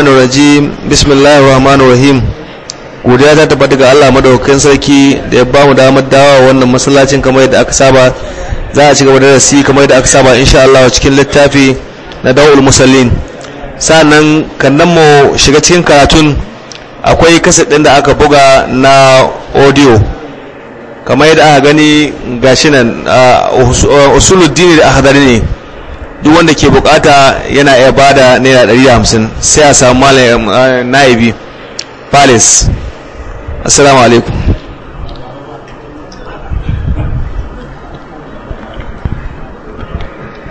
rajim bismillahir rahmanir rahim godiya ta tabbata ga Allah madaukakin sarki da ya bamu damar dawa wannan masallacin kamar yadda aka saba za a ci gaba da darasi kamar yadda aka saba insha Allah cikin littafi na Dawul Musallin sannan kannan mu shiga cikin karatun akwai kaset din da aka buga na audio kamar yadda aka gani gashi nan usuluddin da ahdari ne duk wanda ke bukata yana iya ba da naira 150 sai a samu malam eh, naibi palace assalamu alaikum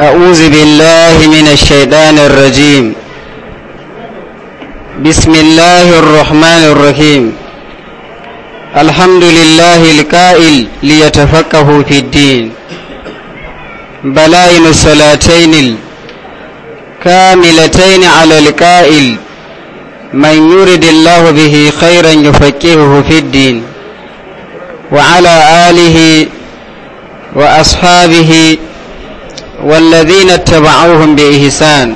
أعوذ بالله من الشيطان الرجيم بسم الله الرحمن الرحيم الحمد لله الكائل ليتفقه بلاين الصلاتين الكاملتين على القائل من يرد الله به خيرا يفكهه في الدين وعلى آله وأصحابه والذين اتبعوهم بإحسان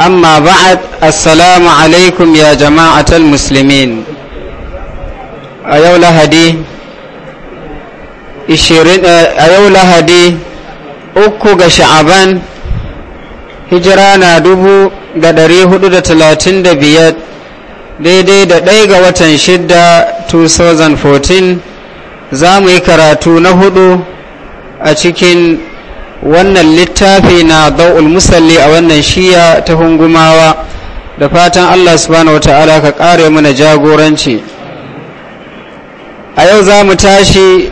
أما بعد السلام عليكم يا جماعة المسلمين أيولا هدي أيولا هدي uku ga sha'aban hijira na dubu ga ɗari hudu da talatin da biyar daidai da ɗaya ga watan shidda 2014 za mu yi karatu na hudu a cikin wannan littafi na da'ul musalli a wannan shiya ta hungumawa da fatan allah subhanahu wata'ala ka ƙare mana jagoranci a yau za mu tashi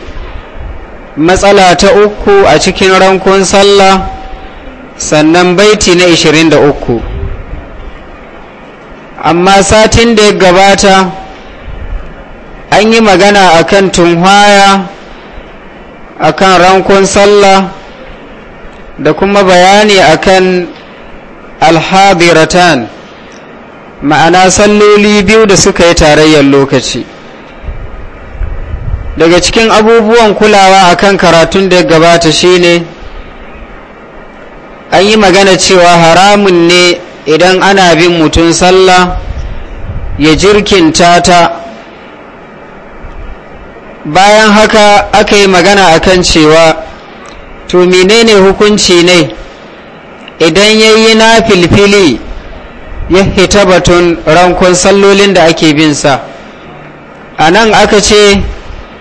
matsala ta uku a cikin rankon sallah sannan baiti na 23 amma satin da ya gabata an yi magana a kan tunhaya kan rankun sallah da kuma bayani a kan alhadiratan ma'ana salloli biyu da suka yi tarayyar lokaci daga cikin abubuwan kulawa akan karatun da ya gabata shine an yi magana cewa haramun ne idan ana bin mutum sallah ya jirkinta ta bayan haka aka yi magana akan cewa to menene hukunci ne idan ya yi na filfili ya hita batun rankon sallolin da ake bin sa a nan aka ce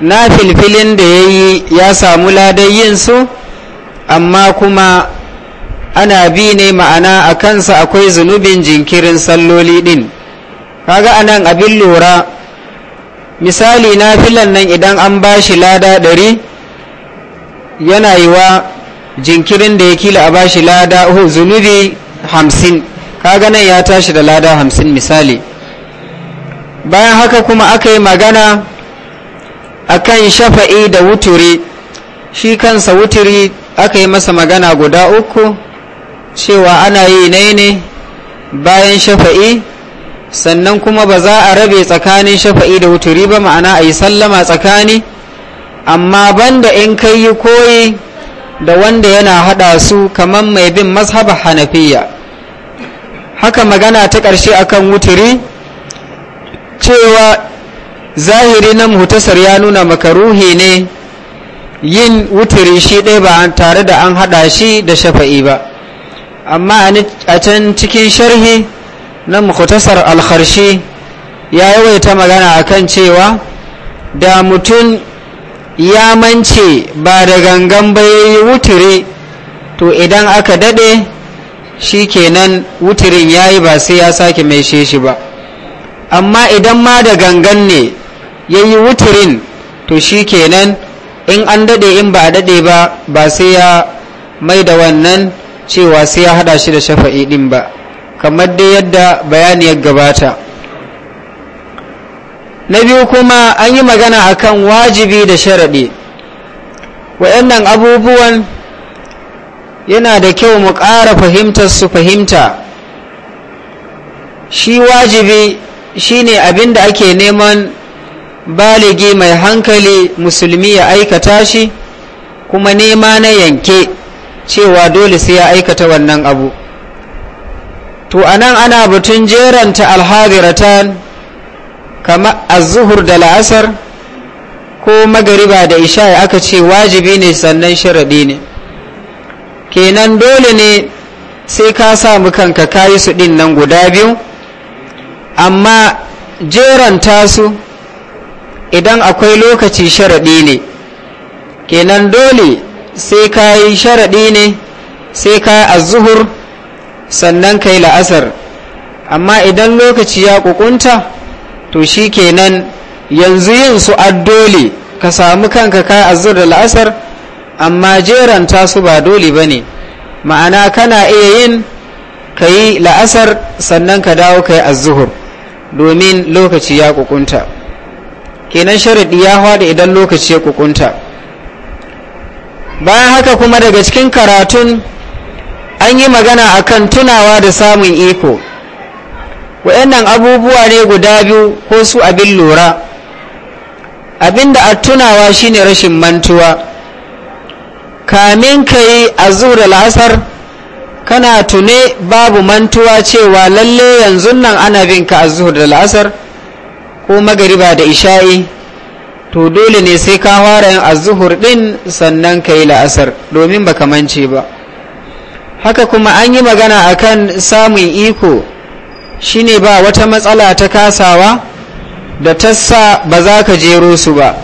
na filfilin da ya yi ya samu ladan yin amma kuma ana bi ne ma'ana a kansa akwai zunubin jinkirin salloli ɗin kaga anan abin lura misali na filan nan idan an ba shi lada ɗari yana yi wa jinkirin da ya kila a ba shi lada zunubi hamsin kaga nan ya tashi da lada hamsin misali bayan haka kuma aka yi magana akan shafa'i da wuturi shi kansa wuturi aka yi masa magana guda uku cewa ana yi ne ne bayan shafa'i sannan kuma ba za a rabe tsakanin shafa'i da wuturi ba ma'ana a yi sallama tsakani amma banda in kai yi koyi da wanda yana hada su kamar mai bin mazhabar hanafiya haka magana ta ƙarshe akan wuturi cewa zahiri na muhtasar ya nuna makaruhi ne yin wuturi shi ɗaya ba tare da an haɗa shi da shafa'i ba amma a can cikin sharhi na mutasar alkharshi ya yawaita magana akan cewa da mutum ya mance ba da gangan ba ya wuturi to idan aka daɗe shi kenan wuturin ya yi ba sai ya sake mai shi ba amma idan ma da gangan ne ya yi wuturin to shi kenan in an daɗe in ba a daɗe ba ba sai ya mai da wannan cewa sai ya haɗa shi da shafa'i ɗin ba kamar dai yadda bayani ya gabata na biyu kuma an yi magana akan wajibi da sharaɗi waɗannan abubuwan yana da kyau mu ƙara fahimtar su fahimta shi wajibi Shi ne abin da ake neman baligi mai hankali musulmi ya aikata shi kuma nema na yanke cewa dole sai ya aikata wannan abu to anan ana batun jeranta alhadiratan kama azuhur da la'asar ko magariba da isha aka ce wajibi ne sannan sharaɗi ne kenan dole ne sai ka samu kanka kayi su ɗin nan guda biyu amma jeranta su idan akwai lokaci sharaɗi ne kenan dole sai ka yi sharaɗi ne sai ka yi azuhur sannan ka yi la'asar amma idan lokaci ya kukunta to shi kenan yanzu yin su addole ka samu kanka ka azuhur da la'asar amma jeranta su ba dole ba ne ma'ana kana iya yin ka yi la'asar sannan ka dawo ka yi azuhur domin lokaci ya kukunta kenan sharadi ya hwada idan lokaci ya kukunta bayan haka kuma daga cikin karatun an yi magana akan tunawa da samun iko waɗannan abubuwa ne guda biyu ko su abin lura abinda a tunawa shine rashin mantuwa kamin ka yi azur da la'asar kana tune babu mantuwa cewa lalle yanzu nan ana bin ka azuhur da la'asar ko magariba da isha'i to dole ne sai ka fara yin azuhur ɗin sannan ka yi la'asar domin baka mance ba haka kuma an yi magana akan samun iko shine ba wata matsala ta kasawa da tassa ba za ka jero su ba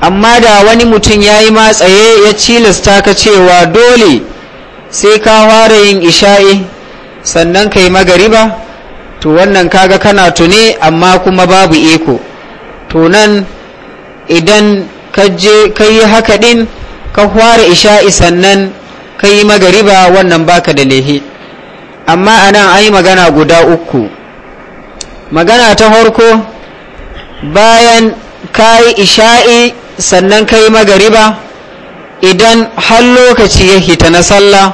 amma da wani mutum ya yi matsaye ya cilasta ka cewa dole sai ka ware yin isha'i sannan ka yi magariba to wannan kaga kana tuni amma kuma babu iko to nan idan ka yi haka din ka ware isha'i sannan ka yi magariba wannan baka da lehi amma anan an yi magana guda uku magana ta harko bayan ka yi isha'i sannan ka yi magariba idan har lokaci ya hita na sallah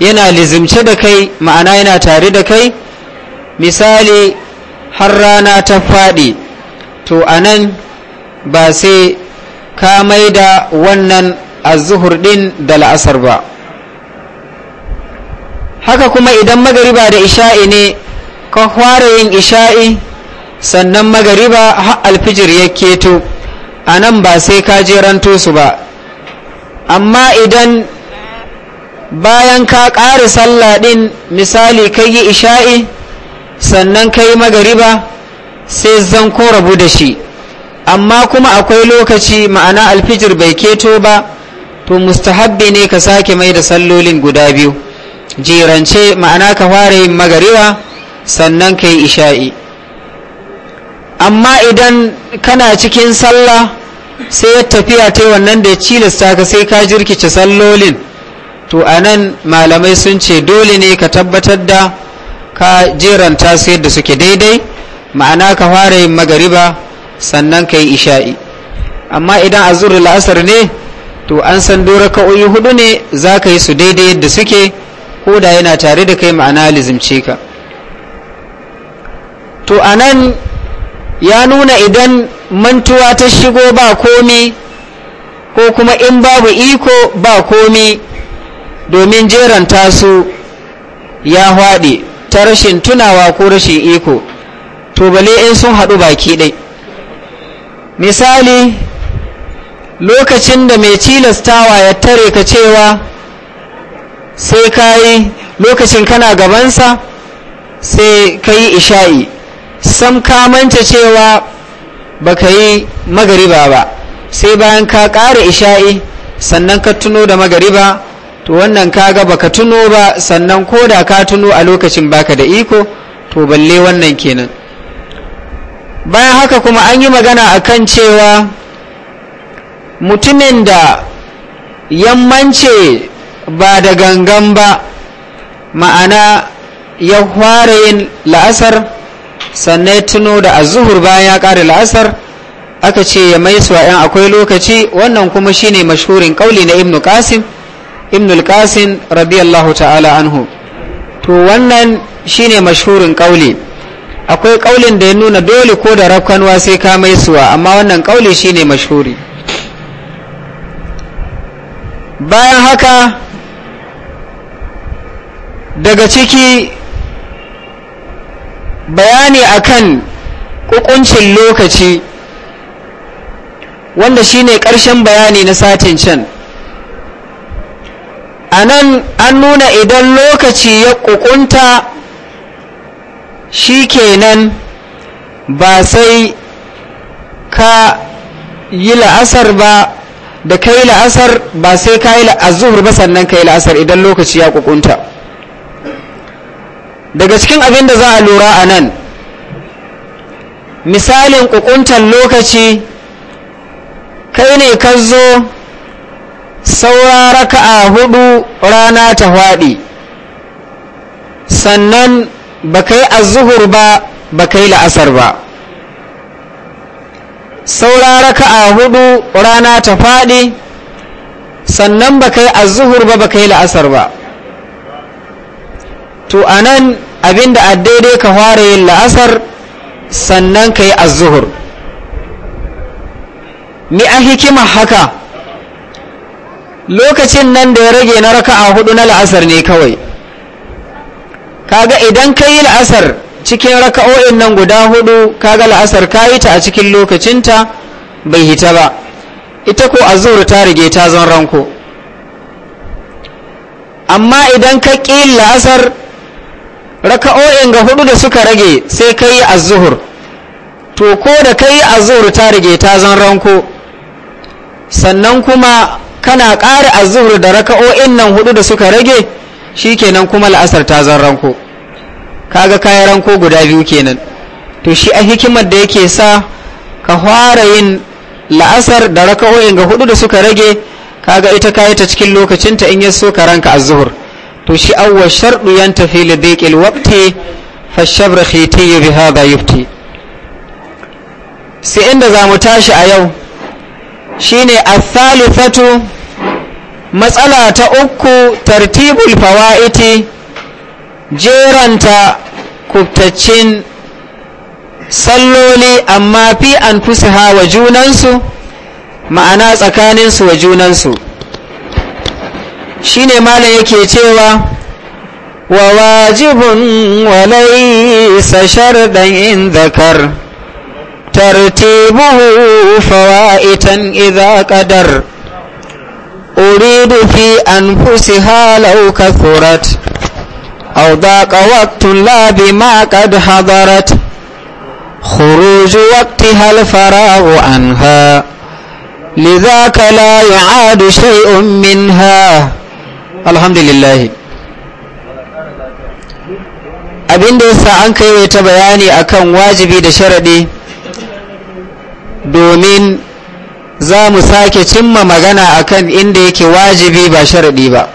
yana lizimce da kai ma'ana yana tare da kai misali har rana ta faɗi to a nan ba sai ka mai da wannan azuhur din da la'asar ba haka kuma idan magariba da isha'i ne ka fara yin isha'i sannan magariba har alfijir ya keto a nan ba sai ka jeranto su ba amma idan bayan ka ƙari sallah ɗin misali kai yi isha'i sannan kai magariba sai zan ko rabu da shi amma kuma akwai lokaci ma'ana alfijir bai keto ba to mustahabbi ne ka sake mai da sallolin guda biyu jirance ma'ana ka fara yin magariba sannan ka yi isha'i amma idan kana cikin sallah sai tafiya ta wannan da ya cilasta ka sai ka jirkice sallolin to a nan malamai sun ce dole ne ka tabbatar da ka jeranta su yadda suke daidai ma'ana ka fara yin magariba sannan ka yi isha'i amma idan a zurri la'asar ne to an san dora uyi hudu ne za ka yi su daidai yadda suke ko da yana tare da kai ma'ana lizimce ka to a nan ya nuna idan mantuwa ta shigo ba komi ko kuma in babu iko ba komi domin jeran tasu ya haɗe ta rashin tunawa ko rashin iko to bale in sun haɗu baki ɗai misali lokacin da mai cilastawa ya tare ka cewa sai ka lokacin kana gabansa sai ka yi isha'i sam kamanta cewa baka yi magariba ba sai bayan ka ƙara isha'i sannan ka tuno da magariba to wannan kaga baka tuno ba sannan ko da ka tuno a lokacin baka da iko to balle wannan kenan bayan haka kuma an yi magana a kan cewa mutumin da yammance ba da gangan ba ma'ana ya fara yin la'asar sannan tuno da azuhur bayan ya kare la'asar aka ce ya mai su akwai lokaci wannan kuma shine mashhurin kauli na ibnu qasim ibnu qasim radiyallahu ta'ala anhu to wannan shine mashhurin ƙauli akwai ƙaulin da ya nuna dole ko da rafkanwa sai ka mai suwa amma wannan kauli shine mashhuri bayan haka daga ciki bayani akan kukuncin lokaci wanda shine ƙarshen bayani na satin can a nan an nuna idan lokaci ya kukunta shi kenan ba sai ka yi la'asar ba da kai la'asar ba sai ka yi la'azur ba sannan ka yi la'asar idan lokaci ya kukunta daga cikin abin da za a lura a nan misalin kukuntar lokaci kai ne ka zo saura raka'a hudu rana ta hwaɗi sannan ba kai azuhur ba ba yi la'asar ba saura raka'a hudu rana ta faɗi sannan ba kai azuhur ba ba yi la'asar ba to anan abinda a daidai ka fara yin la'asar sannan ka yi azuhur ni a hikima haka lokacin nan da ya rage na raka'a hudu na la'asar ne kawai kaga idan ka yi la'asar cikin raka'o'in nan guda hudu kaga la'asar ka yi ta a cikin lokacinta bai hita ba ita ko azuhur ta rage ta zan ranko amma idan ka ƙi la'asar raka'o'in ga hudu da suka rage sai ka yi azuhur to ko da ka yi azuhur ta rage ta zan ranko sannan kuma kana ƙara azuhur da raka'o'in nan hudu da suka rage shikenan kuma la'asar ta zan ranko kaga kayan ranko guda biyu kenan to shi a hikimar da yake sa ka fara yin la'asar da raka'o'in ga hudu da suka rage kaga ita kayi ta cikin lokacinta in ya so ka ranka azuhur to shi awwa shardu yan tafi dhiqil waqti fa shabr khiti bi hadha yufti sai inda za mu tashi a yau shine athalithatu matsala ta uku tartibul fawaiti jeranta kubtaccin salloli amma fi an fusaha wa junansu ma'ana tsakaninsu wa junansu shine malam yake cewa wa wajibun wa laysa shardan in dhakar tartibuhu fawaitan idha qadar أريد في أنفسها لو كثرت أو ضاق وقت لا بما qad hadarat خروج وقتها الفراغ عنها لذاك لا يعاد شيء منها alhamdulillah abinda yasa an kai ta bayani akan wajibi da sharaɗi domin za mu sake cimma magana akan inda yake wajibi ba sharaɗi ba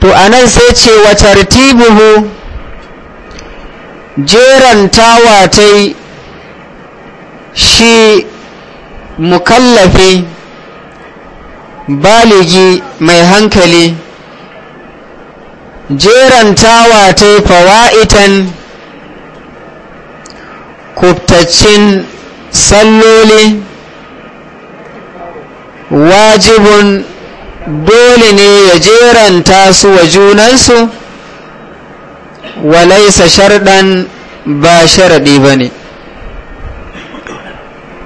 to anan sai ce wa tartibuhu jeran ta shi mukallafi baligi mai hankali jerantawa ta fawa'itan kubtaccin salloli wajibun dole ne ya jeranta su wa junansu walaisa sharɗan ba sharaɗi ba ne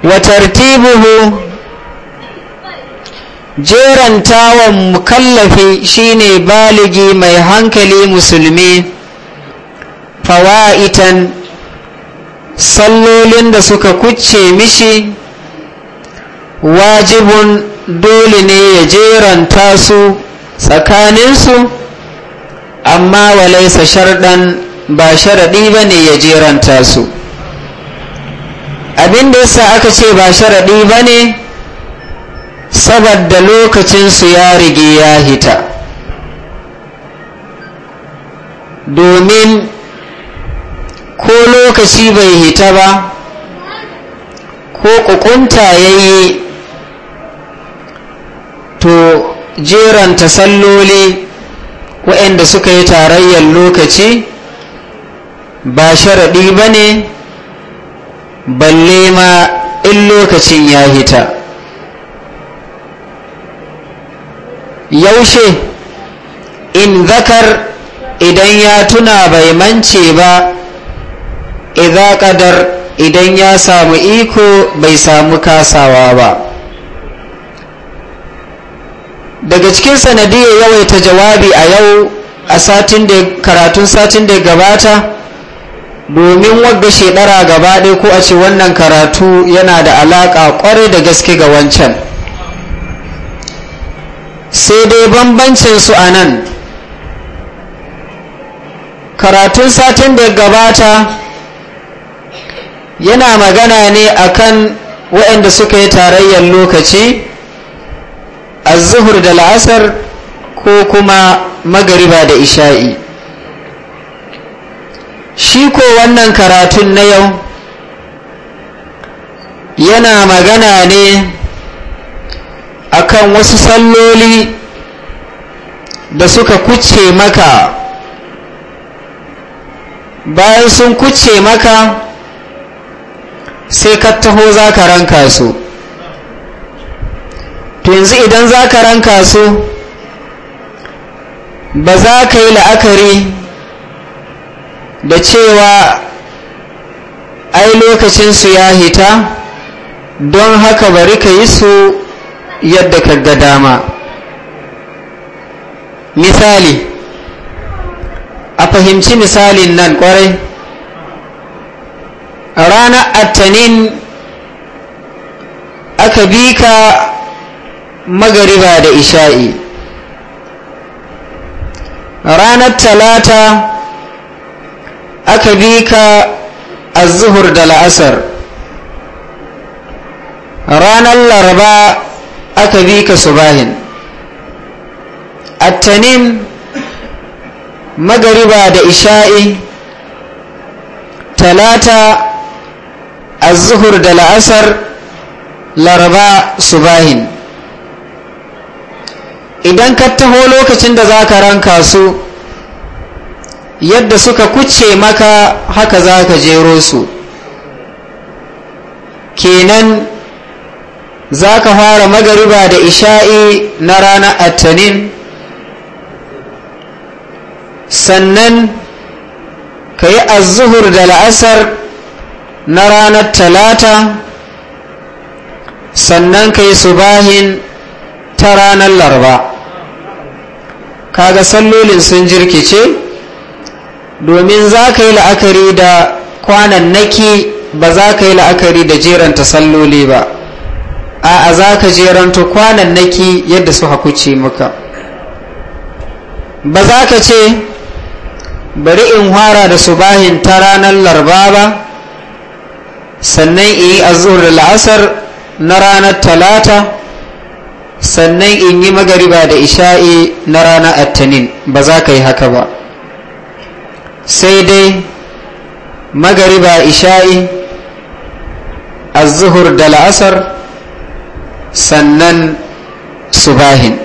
wa tartibuhu jerantawan mukallafi shine baligi mai hankali musulmi fawa'itan sallolin da suka kucce mishi wajibun dole ne ya jeranta su tsakaninsu amma walaisa sharɗan ba sharaɗi ba ne ya jeranta su abinda yasa aka ce ba sharaɗi ba ne saboda lokacinsu ya rige ya hita domin ko lokaci bai hita ba ko kukunta ya yi to jeranta salloli waɗanda suka yi tarayyar lokaci ba sharaɗi ba ne balle ma in lokacin ya hita yaushe in zakar idan ya tuna bai mance ba idan kadar idan ya samu iko bai samu kasawa ba daga cikin sanadiyar yawaita jawabi a yau a satin da karatun satin da gabata domin wadda shekara gaba ɗaya ko a ce wannan karatu yana da alaƙa ƙwarai da gaske ga wancan sai dai bambancin su a nan karatun satin da gabata yana magana ne akan waɗanda suka yi tarayyar lokaci a zuhur da la'asar ko kuma magariba da isha'i shi ko wannan karatun na yau yana magana ne bayan wasu salloli da suka kuce maka bayan sun kuce maka sai ka taho za ka ranka su to yanzu idan za ka ranka su ba za ka yi la'akari da cewa ai lokacinsu ya hita don haka bari ka yi su yadda ka ga dama misali a fahimci misalin nan kwarai ranar attanin aka bi ka magariba da isha'i ranar talata aka bi ka azuhur da la'asar ranar laraba aka bi ka subahin attanin magariba da isha'i talata azuhur da la'asar laraba subahin idan ka taho lokacin da za ka ranka su yadda suka kuce maka haka za ka jero su kenan za ka fara magariba da isha'i na ranar attanin sannan ka yi azuhur da la'asar na ranar talata sannan ka yi subahin ta ranar larba kaga sallolin sun jirkice domin za ka yi la'akari da kwanan naki ba za ka yi la'akari da jeranta salloli ba a'a za ka jeranto kwanan naki yadda su hakuce muka ba za ka ce bari in hara da subahin ta ranar larba ba sannan in yi azur da la'asar na ranar talata sannan in yi magariba da isha'i na ranar attanin ba za ka yi haka ba sai dai magariba isha'i azuhur da la'asar sannan su bahin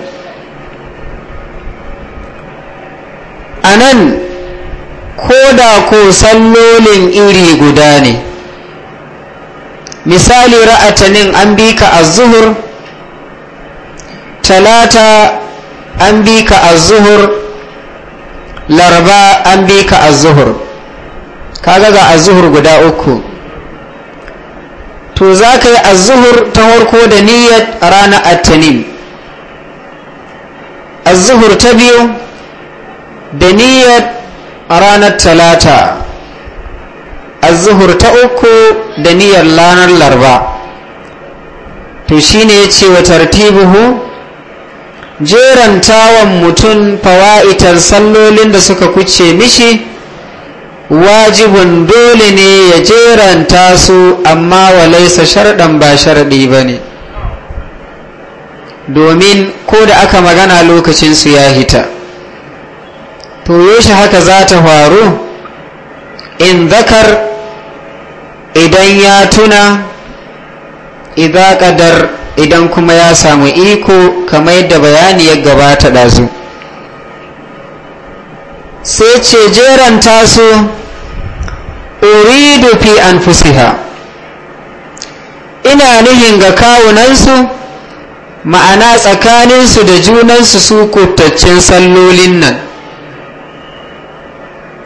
a nan ko da ko sallolin iri guda ne misali ra'atanin an bi ka a zuhur talata an bi ka a zuhur larba an bi ka a zuhur kaga ga a zuhur guda uku to za ka yi azuhur ta harko da niyyar ranar attanin azuhur ta biyu da niyyar ranar talata azuhur ta uku da niyyar lanar larba to shine ya ce wa tartibuhu jerantawan mutum fawa'itar sallolin da suka kuce mishi wajibin dole ne ya jeranta su amma walaisa sharɗan ba sharɗi ba ne domin ko da aka magana lokacinsu ya hita to yaushe haka za ta faru in zakar idan ya tuna idan kuma ya samu iko kamar yadda bayani ya gabata ɗazu sai ce jeran taso. uridu fi anfusiha ina nihin ga kawunansu ma'ana tsakaninsu da junansu su kutaccen sallolin nan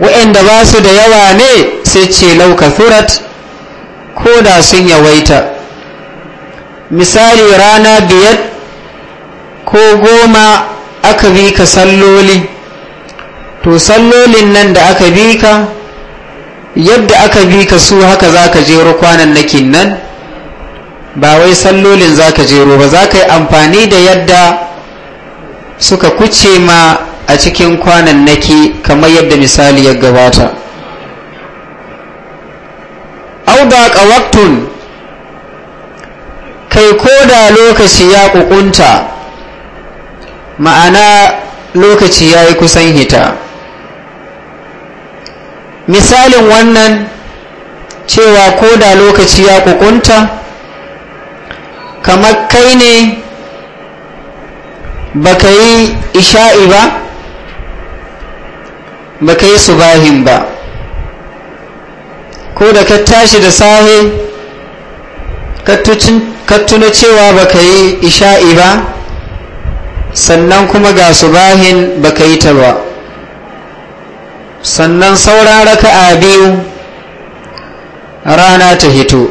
wa'inda ba su da yawa ne sai ce lauka furat ko da sun yawaita misali rana biyar ko goma aka bi ka salloli to sallolin nan da aka bi ka yadda aka bi ka su haka za ka jero nakin nan ba wai sallolin za ka jero ba za ka yi amfani da yadda suka kuce ma a cikin kwanan naki kamar yadda misali ya gabata ka waktun kai ko da lokaci ya ƙuƙunta ma'ana lokaci ya yi kusan hita misalin wannan cewa ko da lokaci ya kukunta kamar kai ne baka yi isha'i ba baka yi subahin ba ko da ka tashi da sahe ka tuna cewa baka yi isha'i ba sannan kuma ga subahin baka yi ta ba sannan sauran raka'a biyu rana ta hito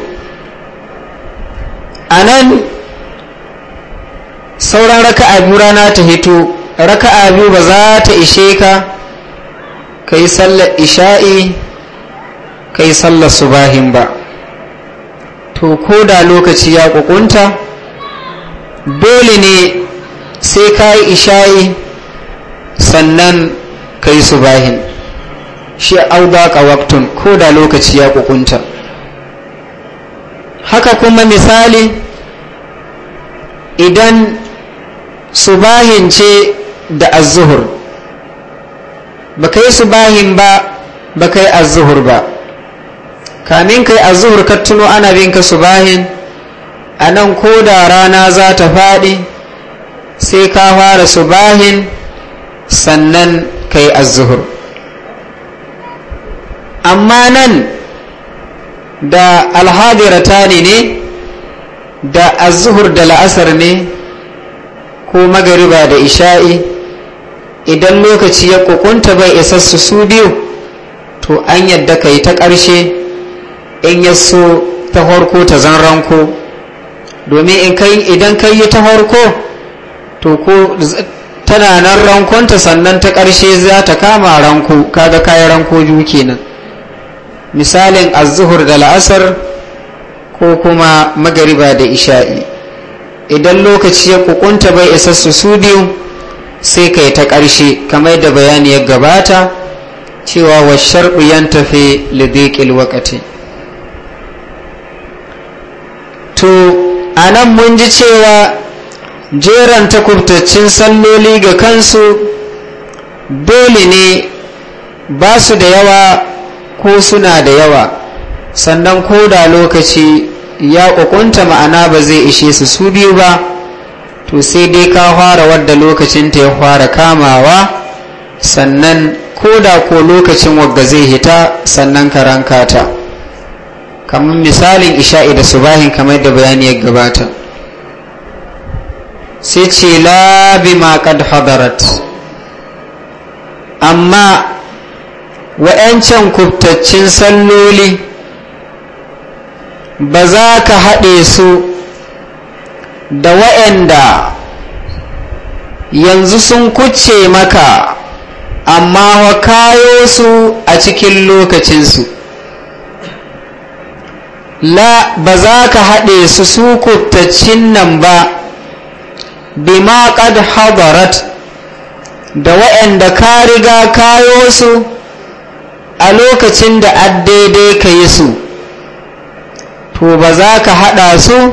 a nan sauran raka'a biyu rana ta hito raka'a biyu ba za ta ishe ka ka yi sallar isha'i ka yi sallar subahin ba to ko da lokaci ya kukunta dole ne sai ka yi isha'i sannan ka yi subahin shi auba waktun ko da lokaci ya kukunta haka kuma misali idan subahin ce da azuhur ba kai subahin ba ba kai azuhur ba kamin kai azuhur ka tuno ana binka subahin a nan ko da rana za ta faɗi sai ka fara subahin sannan kai azuhur amma nan da alhadirata ne da azuhur da la'asar ne ko magariba da isha'i idan lokaci ya kukunta bai isassu su biyu to an yadda ka yi ta ƙarshe in ya so ta harko ta zan ranko domin idan ka yi ta harko to ko tana nan rankonta sannan ta ƙarshe za ta kama ranko kaga kayan ranko biyu kenan misalin azuhur da la'asar ko kuma magariba da isha'i idan lokaci ya kukunta bai isa su su biyu sai kai ta ƙarshe kamar da bayani ya gabata cewa wa sharɗu yan tafi lidikil wakati to a nan mun ji cewa jeran takubtaccen salloli ga kansu dole ne ba su da yawa ko suna da yawa sannan ko da lokaci ya kukunta ma'ana ba zai ishe su su biyu ba to sai dai ka fara wadda lokacinta ya fara kamawa sannan ko da ko lokacin wagga zai hita sannan ka ranka ta kamar misalin isha'i da subahin kamar da bayani ya gabata sai ce labi ma kad hadarat amma wa'yancan kubtaccin salloli ba za ka haɗe su da wa'yanda yanzu sun kuce maka amma wa kayo su a cikin lokacinsu la ba za ka haɗe su su kubtaccin nan ba bima qad hadarat da wa'yanda ka riga kayo su a lokacin da addaidai daidai ka yi su to ba za ka haɗa su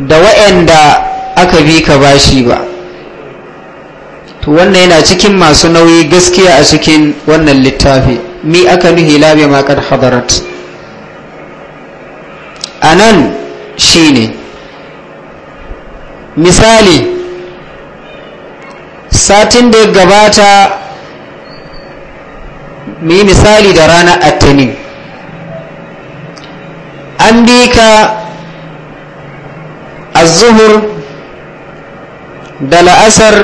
da waɗanda aka bi ka bashi ba to wannan yana cikin masu nauyi gaskiya a cikin wannan littafi mi aka nuhi labe makar hadarat a nan shi ne misali satin da ya gabata mu yi misali da ranar attanin an bi ka azuhur da la'asar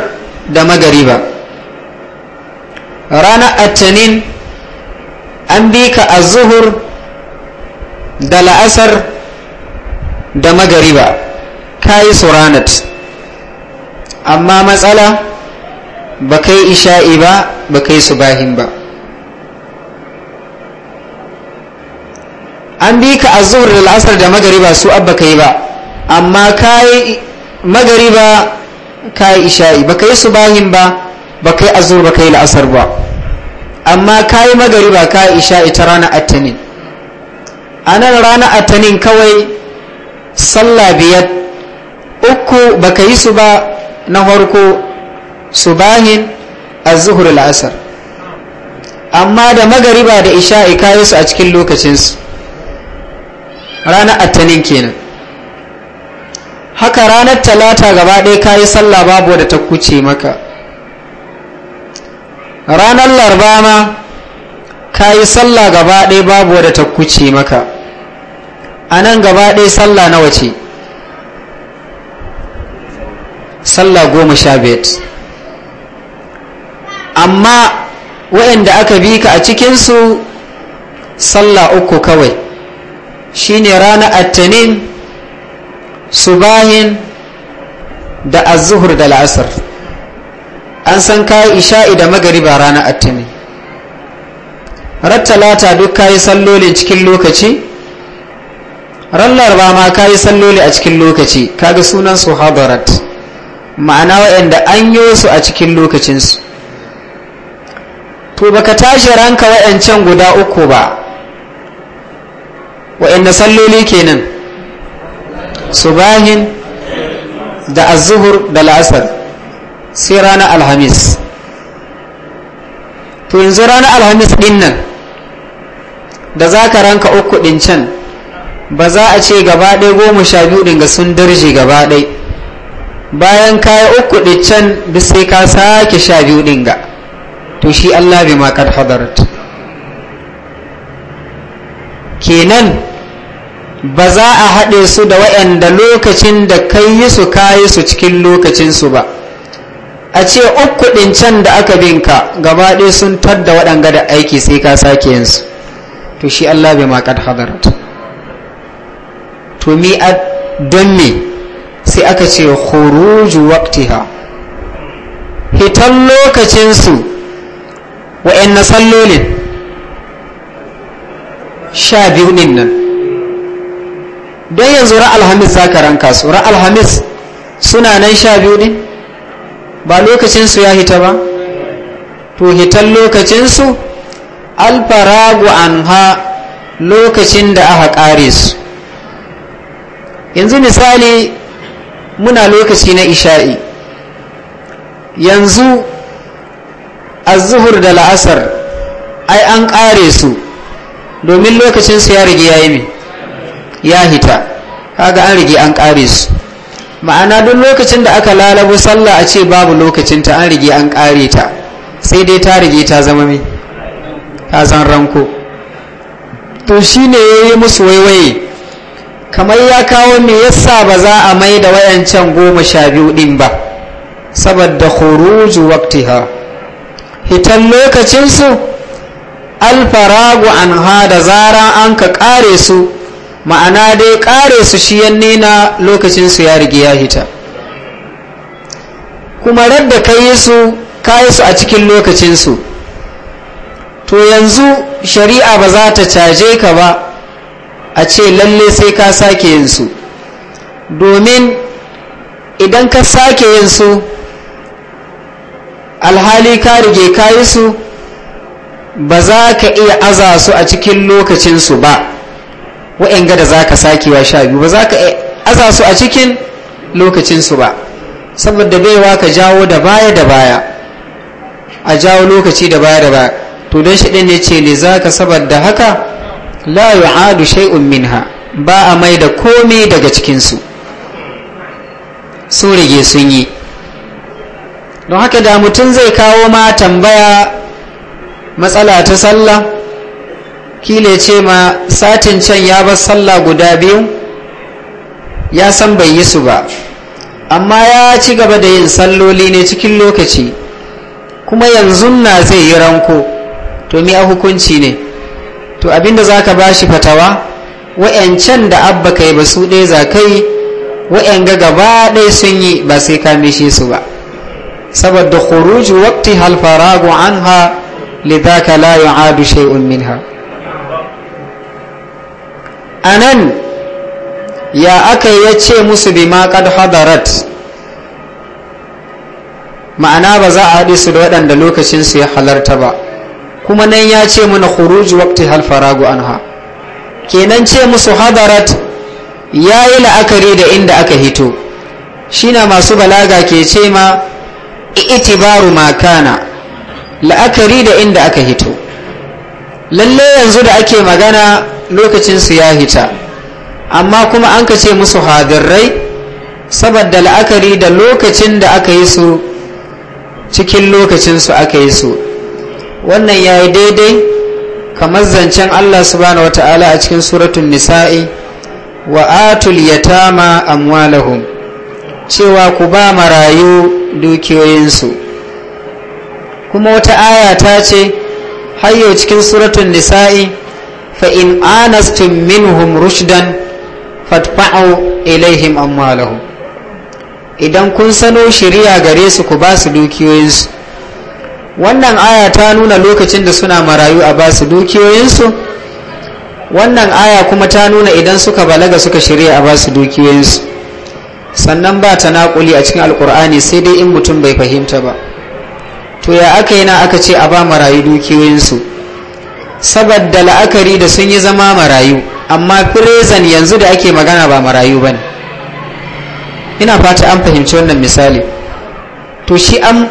da magariba ranar attanin an bi ka azuhur da la'asar da magariba ka yi suranat amma matsala ba kai isha'i ba ba kai subahin ba an bi ka azur da al'asar da magariba su abba ka yi ba amma kai magariba kai isha'i ba kai yi bahin ba baka yi azhur baka yi al'asar ba amma kai magariba kai isha'i ta ranar attanin a nan ranar attanin kawai sallah biyar uku baka yi su ba na farko bahin azhur al'asar amma da magariba da isha'i yi su a cikin lokacinsu ranar attanin kenan haka ranar talata gaba ɗaya ka yi sallah babu da ta kuce maka ranar larba ma ka yi sallah gaba ɗaya babu da ta kuce maka a nan gaba ɗaya sallah nawa ce sallah goma sha biyar amma waɗanda aka bi ka a cikinsu sallah uku kawai shine ranar attanin subahin da azuhur da la'asar an san kayi isha'i da magariba ranar attanin rattalata duk kayi salloli cikin lokaci rallar ba ma kayi salloli a cikin lokaci kaga sunan su hadarat ma'ana wa'anda an yi su a cikin lokacinsu to baka tashi ranka waɗancan guda uku ba wa'inda salloli kenan subahin da azuhur da la'asar sai ranar alhamis to yanzu ranar alhamis din nan da za ka ranka uku din can ba za a ce gaba ɗaya goma sha biyu ɗin ga sun darje gaba ɗaya bayan kaya uku din can sai ka sake sha biyu ɗin ga to shi allah bai ma kad kenan ba za a haɗe su da waɗanda lokacin da kai yi su kayi su cikin lokacinsu ba a ce uku ɗin can da aka binka gaba ɗaya sun tadda waɗanga da aiki sai ka sake yinsu to shi Allah bai ma kad hadarat to mi don me sai aka ce khuruju waqtiha hitan lokacinsu wa'yan na sallolin sha biyu nan don yanzu ra alhamis za ka ranka su alhamis suna nan sha biyu ne ba lokacinsu ya hita ba to hitan lokacinsu alfaragu ha lokacin da aka kare su yanzu misali muna lokaci na isha'i yanzu azuhur da la'asar ai an kare su domin lokacin su ya rige ya yi mi ya hita Haga an rige an kare su ma'ana duk lokacin da aka lalabo sallah a ce babu lokacin ta an rige an kare ta sai dai ta rige ta zama mi ta zan ranko to shi ne ya yi musu waiwaye kamar ya kawo me yasa ba za a mai da wayancan goma sha biyu din ba saboda khuruju ha. hitan lokacinsu. alfaragu an da zara an ka kare su ma'ana dai kare su shi nina lokacin su ya rigi ya hita kuma radda ka su ka su a cikin lokacin su to yanzu shari'a ba za ta caje ka ba a ce lalle sai ka sake yin su domin idan ka sake yin su alhali ka rige ka su ba za ka iya aza su a cikin lokacinsu ba wa'yanga da za ka sakewa sha biyu ba za ka aza su a cikin lokacinsu ba saboda baiwa ka jawo da baya da baya a jawo lokaci da baya da baya to don shi ɗin ne ce ne za ka saboda haka la yu'adu shai'un minha ba a mai da komai daga cikinsu Sun rige sun yi don haka da mutum zai kawo ma tambaya matsala ta sallah kile ce ma satin can ya bar sallah guda biyu ya san bai yi su ba amma ya ci gaba da yin salloli ne cikin lokaci kuma yanzu na zai yi ranko to mi a hukunci ne to abinda za ka ba shi fatawa wa'yancan da abba kai ba su ɗaya za kai wa'yan ga gaba ɗaya sun yi ba sai ka mishe su ba saboda khuruj wakti hal faragu anha لذاك لا يعاد شيء منها anan ya aka ya ce musu bima hadarat ma'ana ba za a haɗe su da waɗanda lokacinsu ya halarta ba kuma nan ya ce mana khuruju waqti hal faragu anha kenan ce musu hadarat ya yi la'akari da inda aka hito shi na masu balaga ke ce ma itibaru na. la'akari da inda aka hito lalle yanzu da ake magana lokacinsu ya hita amma kuma an ka ce musu hadirrai saboda la'akari da lokacin da aka yi su cikin lokacinsu aka yi su wannan ya yi daidai kamar zancen allah subhanahu wata'ala a cikin suratun nisa'i wa atul yatama amwalahum cewa ku ba marayu dukiyoyinsu kuma wata aya ta ce hayo cikin suratun nisa'i fa in anastum minhum rushdan fatfa'u ilaihim amwalahum idan kun sano shari'a gare su ku ba su dukiyoyinsu wannan aya ta nuna lokacin da suna marayu a ba su dukiyoyinsu wannan aya kuma ta nuna idan suka balaga suka shirya a ba su dukiyoyinsu sannan ba ta naƙuli a cikin alƙur'ani sai dai in mutum bai fahimta ba to ya aka yi na aka ce a ba marayu dukiyoyinsu saboda la'akari da sun yi zama marayu amma firezan yanzu da ake magana ba marayu ba ne ina fata an fahimci wannan misali to shi an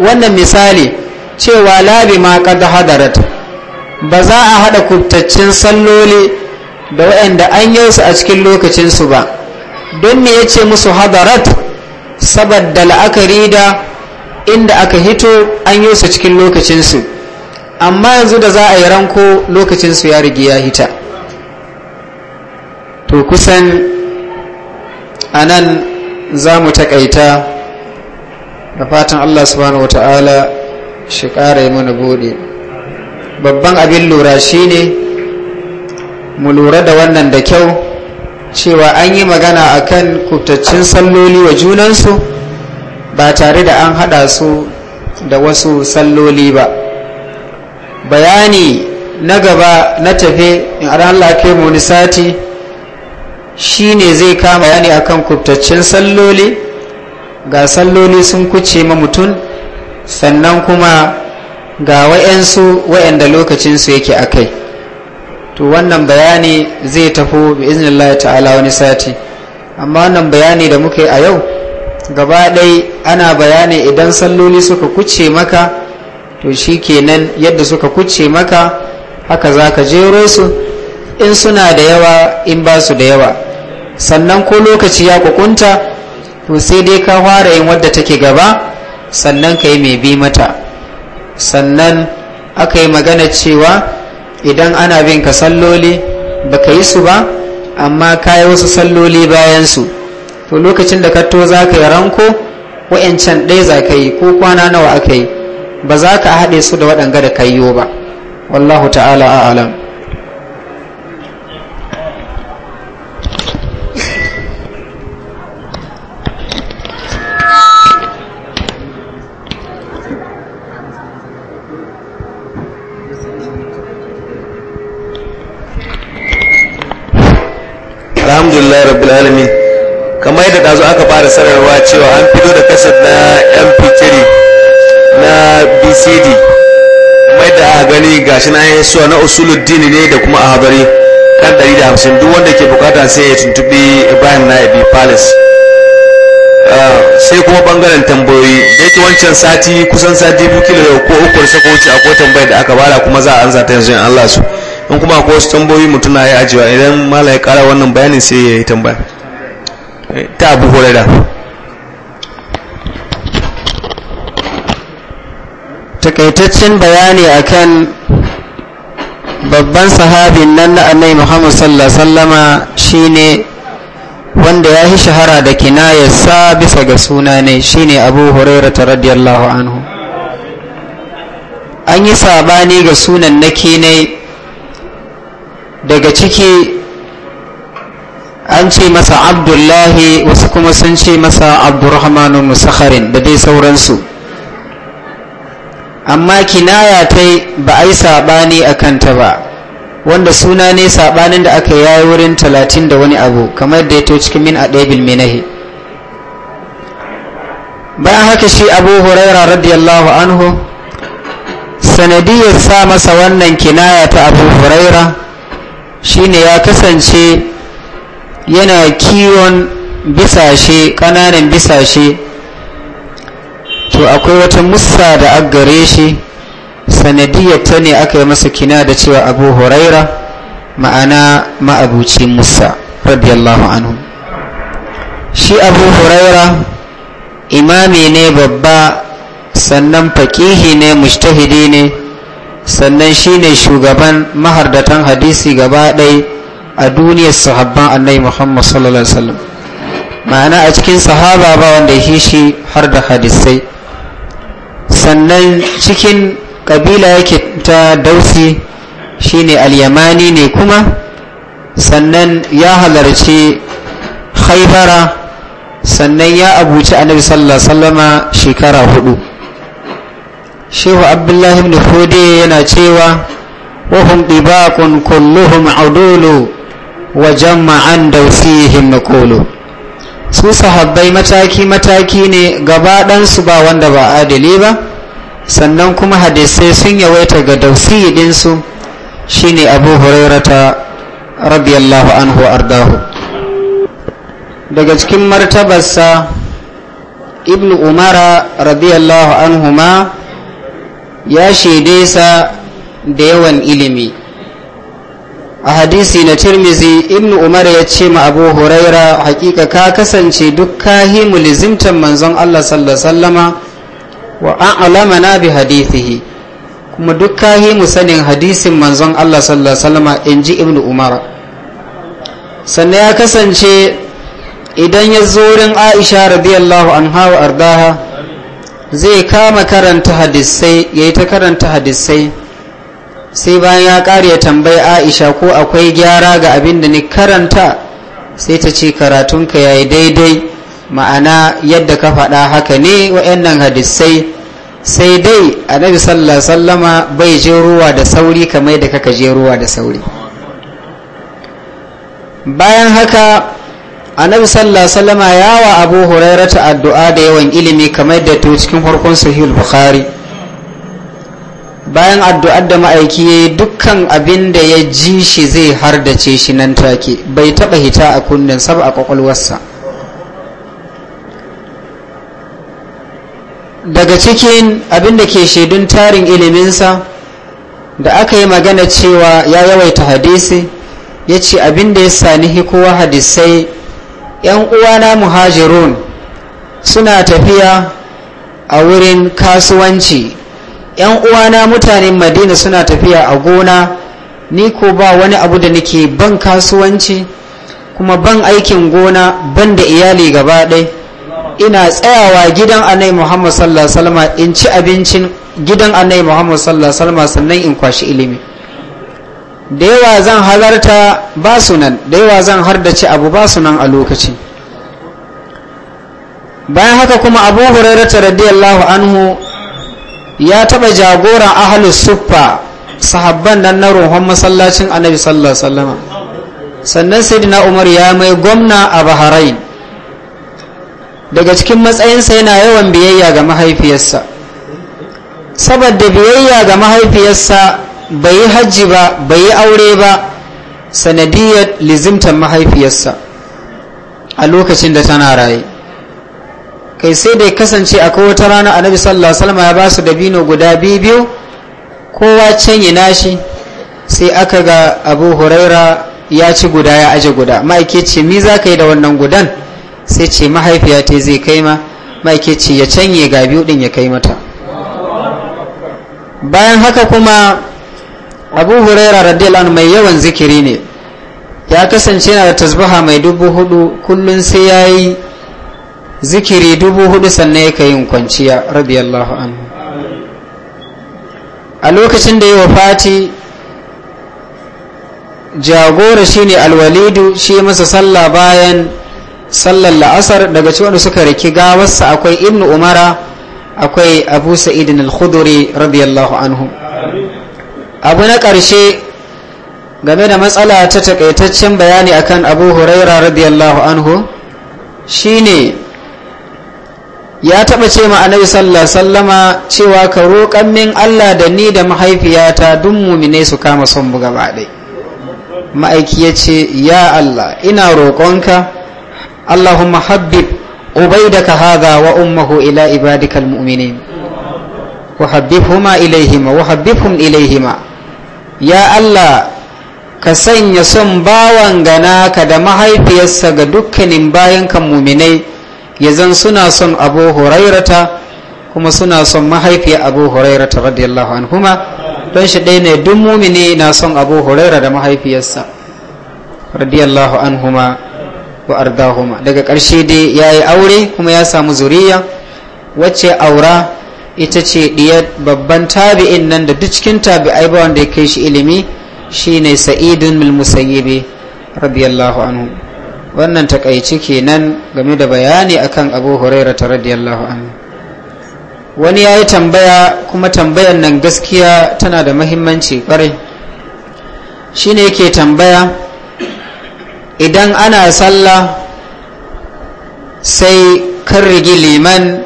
wannan misali cewa labi ma kada hadarat ba za a haɗa kubtaccen salloli da waɗanda an yi su a cikin lokacinsu ba don me ya ce musu hadarat saboda la'akari da inda aka hito an yi su cikin lokacinsu amma yanzu da za a yi ranko lokacinsu ya rigi ya hita to kusan a nan za mu taƙaita da fatan allah subhanahu wata'ala shi ƙara yi mana bude babban abin lura shine mu lura da wannan da kyau cewa an yi magana akan kubtaccen salloli wa junansu ba tare da an hada su da wasu salloli ba bayani na gaba na tafe in Allah ke mu sati shi ne zai kama bayani akan kubtaccen salloli ga salloli sun kuce ma mutun sannan kuma ga wa'yansu wa'yanda lokacinsu yake a kai to wannan bayani zai tafi bi iznillah ta'ala wani sati amma wannan bayani da muka yi a yau gaba ɗai ana bayanin idan salloli suka kuce maka to shi kenan yadda suka kuce maka haka za ka jero su in suna da yawa in ba su da yawa sannan ko lokaci ya kukunta to sai dai ka fara yin wadda take gaba sannan ka yi mai bi mata sannan aka yi magana cewa idan ana bin ka salloli ba ka yi su ba amma ka yi wasu salloli bayan su. to lokacin da katto za ka yi ranko wa'yancan ɗai za ka yi ko kwana nawa aka yi ba za ka haɗe su da waɗanga da kayyo ba wallahu ta'ala alam. suwa na usuluddin ne da kuma ahabari kan 150 duk wanda ke bukata sai ya tuntubi ibrahim na'ibi palace ah, sai kuma bangaren tambayoyi da yake wancan sati kusan sati biyu kila yau ko uku saka wuce akwai tambayar da aka bada kuma za a anza ta yanzu in Allah su in kuma akwai wasu tambayoyi mutum na yi ajiyewa idan malaya kara wannan bayanin sai ya yi tambaya ta abu da. takaitaccen bayani akan babban sahabin nan na annai muhammad sallallahu sallama shine wanda ya yi shahara da sa bisa ga suna ne shine abu hurairata radiyallahu anhu an yi sabani ga sunan naki ne daga ciki an ce masa abdullahi wasu kuma sun ce masa abdurrahmanu musakharin da dai sauransu amma kinaya ta ba a yi saɓani a kanta ba wanda suna ne saɓanin da aka yayi wurin talatin da wani abu kamar da ya to cikin min a ɗabil minahi bayan haka shi abu huraira radiyallahu anhu sanadiyar sa masa wannan kinaya ta abu huraira shine ya kasance yana kiwon bisashe ƙananan bisashe to akwai wata musa da a gare shi sanadiyar ta ne aka yi masa kina da cewa abu huraira ma'ana ma'abuci musa radiyallahu anhu shi abu huraira imami ne babba sannan faƙihi ne mushtahidi ne sannan shi ne shugaban mahardatan hadisi gaba ɗai a duniyar sahabban annai muhammad sallallahu alaihi wasallam ma'ana a cikin sahaba ba wanda ya shi har da hadisai sannan cikin kabila yake ta dausi shine alyamani ne kuma sannan ya halarci haifara sannan ya abuci annabi sallallahu alaihi wasallama shekara hudu shehu abdullahi ibn hude yana cewa wahum dibaqun kulluhum wajen wa jama'an dawsihim kolo. su sahabbai mataki-mataki ne gaba ɗansu ba wanda ba adali ba sannan kuma hadisai sun yawaita ga dausiyi ɗinsu shine abu hurairata radiyallahu anhu ardahu daga cikin martabarsa ibn umara rabiyallahu anhu ma ya shaidesa da yawan ilimi a hadisi na tirmizi Ibn umar ya ce ma abu huraira hakika ka kasance duk kahi mulizimtan manzon allah sallama wa an alama na bi hadithihi kuma duk kahi mu sanin hadisin manzon allah sallama in ji ibnu umar sannan ya kasance idan ya zorin aisha radiyallahu an hawa ardaha zai kama karanta hadisai ya yi ta karanta hadisai sai bayan ya ƙari ya tambayi aisha ko akwai gyara ga abin da ni karanta sai ta ce karatunka ya yi daidai ma'ana yadda ka faɗa haka ne wa'annan hadisai sai dai annabi sallallahu sallama bai je ruwa da sauri kamar da kaka je ruwa da sauri bayan haka annabi sallallahu sallama yawa abu hurairata addu'a da yawan ilimi kamar da to cikin farkon sahih bukhari bayan addu'ar da ma'aiki ya yi dukkan abin da ya ji shi zai hardace shi nan take bai taɓa hita a kunnen sab a kwakwalwarsa daga cikin abin da ke shaidun tarin iliminsa da aka yi magana cewa ya yawaita hadisi ya ce abin da ya sani hikowa hadisai 'yan uwana muhajirun suna tafiya a wurin kasuwanci yan uwana mutanen madina suna tafiya a gona ni ko ba wani abu da nake ban kasuwanci kuma ban aikin gona ban da iyali gaba ɗai ina tsayawa gidan anai muhammad sallallahu salama in ci abincin gidan anai muhammad sallallahu salama sannan in kwashi ilimi da yawa zan halarta ba su nan da yawa zan ci abu ba su nan a lokaci bayan haka kuma abu hurairata radiyallahu anhu ya taɓa jagoran ahalus suffa sahabban nan na ruhun masallacin annabi sallallahu alaihi wasallam sannan sayyidina umar ya mai gwamna a bahrain daga cikin matsayinsa yana yawan biyayya ga mahaifiyarsa saboda biyayya ga mahaifiyarsa bai yi hajji ba bai yi aure ba sanadiyar lizimtar mahaifiyarsa a lokacin da tana raye kai sai da ya kasance akwai wata rana annabi sallallahu alaihi wasallam ya ba su dabino guda biyu biyu kowa canye nashi sai aka ga abu huraira ya ci guda ya aje guda ma'aike ce mi za ka yi da wannan gudan sai ce mahaifiya ta zai kai ma ma'aike ce ya canye ga biyu din ya kai mata bayan haka kuma abu huraira radiyallahu mai yawan zikiri ne ya kasance yana da tasbaha mai dubu hudu kullum sai ya yi zikiri dubu hudu sannan yake yin kwanciya radiyallahu anhu a lokacin da yi wa fati jagora shine alwalidu shi masa sallah bayan sallar la'asar daga ci wanda suka riki gawarsa akwai ibnu umara akwai abu sa'idin al-khuduri radiyallahu anhu abu na ƙarshe game da matsala ta takaitaccen bayani akan abu huraira radiyallahu anhu shine ya taɓa ce ma annabi sallallahu sallama cewa ka roƙan min Allah da ni da mahaifiyata duk mumine su kama son buga gaba ma'aiki ya ce ya Allah ina roƙonka Allahumma habbib ubaidaka hadha wa ummuhu ila ibadikal mu'minin wa habbibhuma ilaihima wa habbibhum ilaihima ya Allah ka sanya son bawan gana ka da mahaifiyarsa ga dukkanin bayan kan muminai ya zan suna son abu hurairata kuma suna son mahaifiya abu hurairata radiyallahu anhuma don shi ɗaya ne duk mumini na son abu huraira da mahaifiyarsa radiyallahu anhuma wa ardahuma daga ƙarshe dai ya yi aure kuma ya samu zuriya wacce aura ita ce ɗiyar babban tabi'in nan da duk cikin tabi'ai ba wanda ya kai shi ilimi shine sa'idun mil musayyibi radiyallahu anhu wannan takaici kenan game da bayani akan abu huraira ta radiyallahu anhu wani ya yi tambaya kuma tambayan nan gaskiya tana da mahimmanci kwarai shine yake tambaya idan ana sallah sai kan rige liman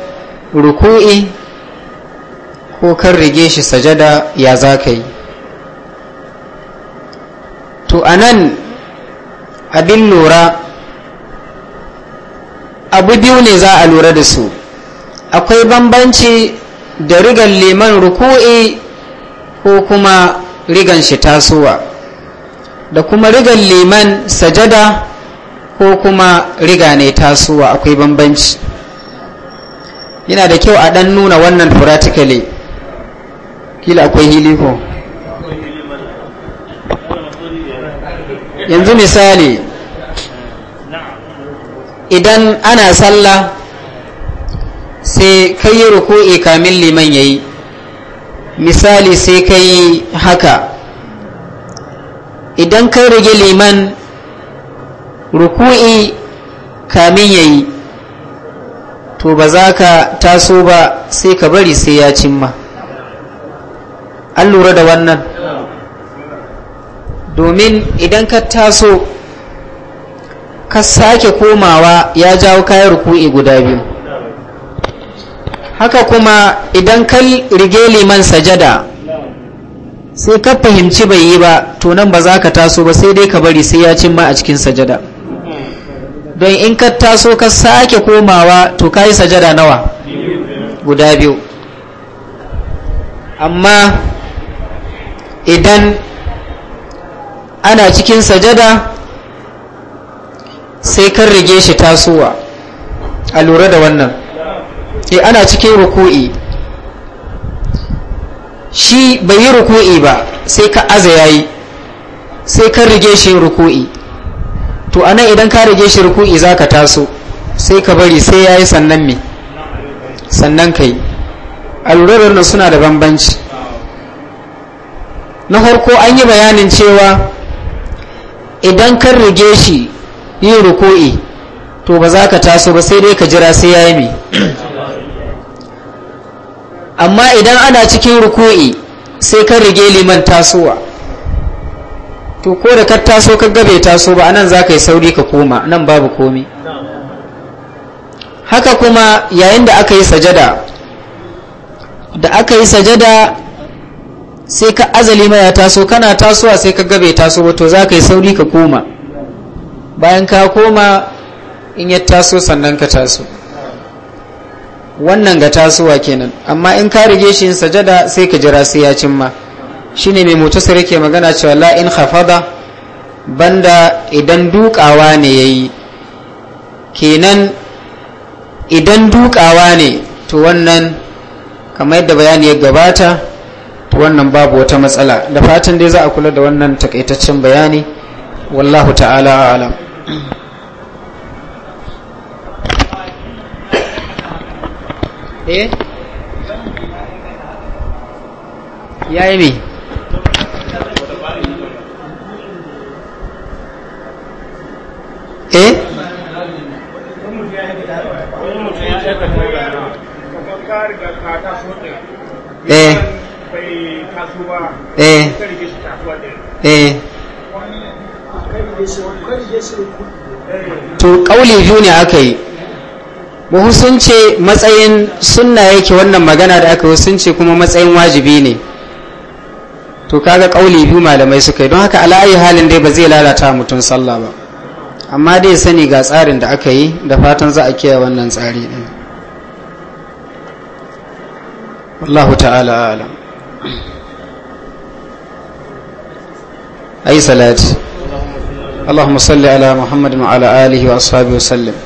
ruku'i ko kan rige shi sajada ya za ka yi to anan abin lura abu biyu ne za a lura da su akwai bambanci da rigan liman ruku'i ko kuma rigan shi tasowa da kuma rigan liman sajada ko kuma riga ne tasowa akwai bambanci yana da kyau a ɗan nuna wannan practically kila akwai hili ko yanzu misali idan ana sallah sai ka yi ruku'i kamin liman yayi misali sai ka yi haka idan kai rage liman ruku'i kamin yayi to ba za ka taso ba sai ka bari sai ya cimma an lura da wannan domin idan ka taso ka sake komawa ya jawo kayan ruku'i guda biyu haka kuma idan ka rige liman sajada sai ka fahimci bai yi ba to nan ba za ka taso ba sai dai ka bari sai ya cimma a cikin sajada don in ka taso ka sake komawa to ka yi sajada nawa guda biyu amma idan ana cikin sajada sai kan rige shi tasowa a lura da wannan e ana cikin ruku'i shi bai yi ruku'i ba sai ka aza yayi sai kan rige shi ruku'i to ana idan ka rige shi ruku'i za ka taso sai ka bari sai yayi sannan me sannan ka yi a lura da wannan suna da bambanci na farko an yi bayanin cewa idan kan rige shi yin ruku'i to ba za ka taso ba sai dai ka jira sai ya yi amma idan ana cikin ruku'i sai ka rige liman tasowa to ko da ka taso ka gabe taso ba anan za ka yi sauri ka koma nan babu komi haka kuma yayin da aka yi sajada da aka yi sajada sai ka azali ya taso kana tasowa sai ka gabe taso ba to za ka yi sauri ka koma bayan ka koma in ya taso sannan ka taso wannan ga tasowa kenan amma in ka rige shi sajada sai ka jira sai ya cimma shine mai mutasar yake magana cewa la in khafada banda idan dukawa ne yayi kenan idan dukawa ne to wannan kamar yadda bayani ya gabata to wannan babu wata matsala da fatan dai za a kula da wannan takaitaccen bayani wallahu ta'ala alam eh ya yi mai eh eh eh eh, eh. to kauli biyu ne aka yi mu sun ce matsayin sunna yake wannan magana da aka yi sun ce kuma matsayin wajibi ne to kaga kauli biyu malamai suka yi don haka ala'ayi halin dai ba zai lalata mutum sallah ba amma dai sani ga tsarin da aka yi da fatan za a kiyaye wannan tsari din wallahu ta'ala alam salati اللهم صل على محمد وعلى آله وأصحابه وسلم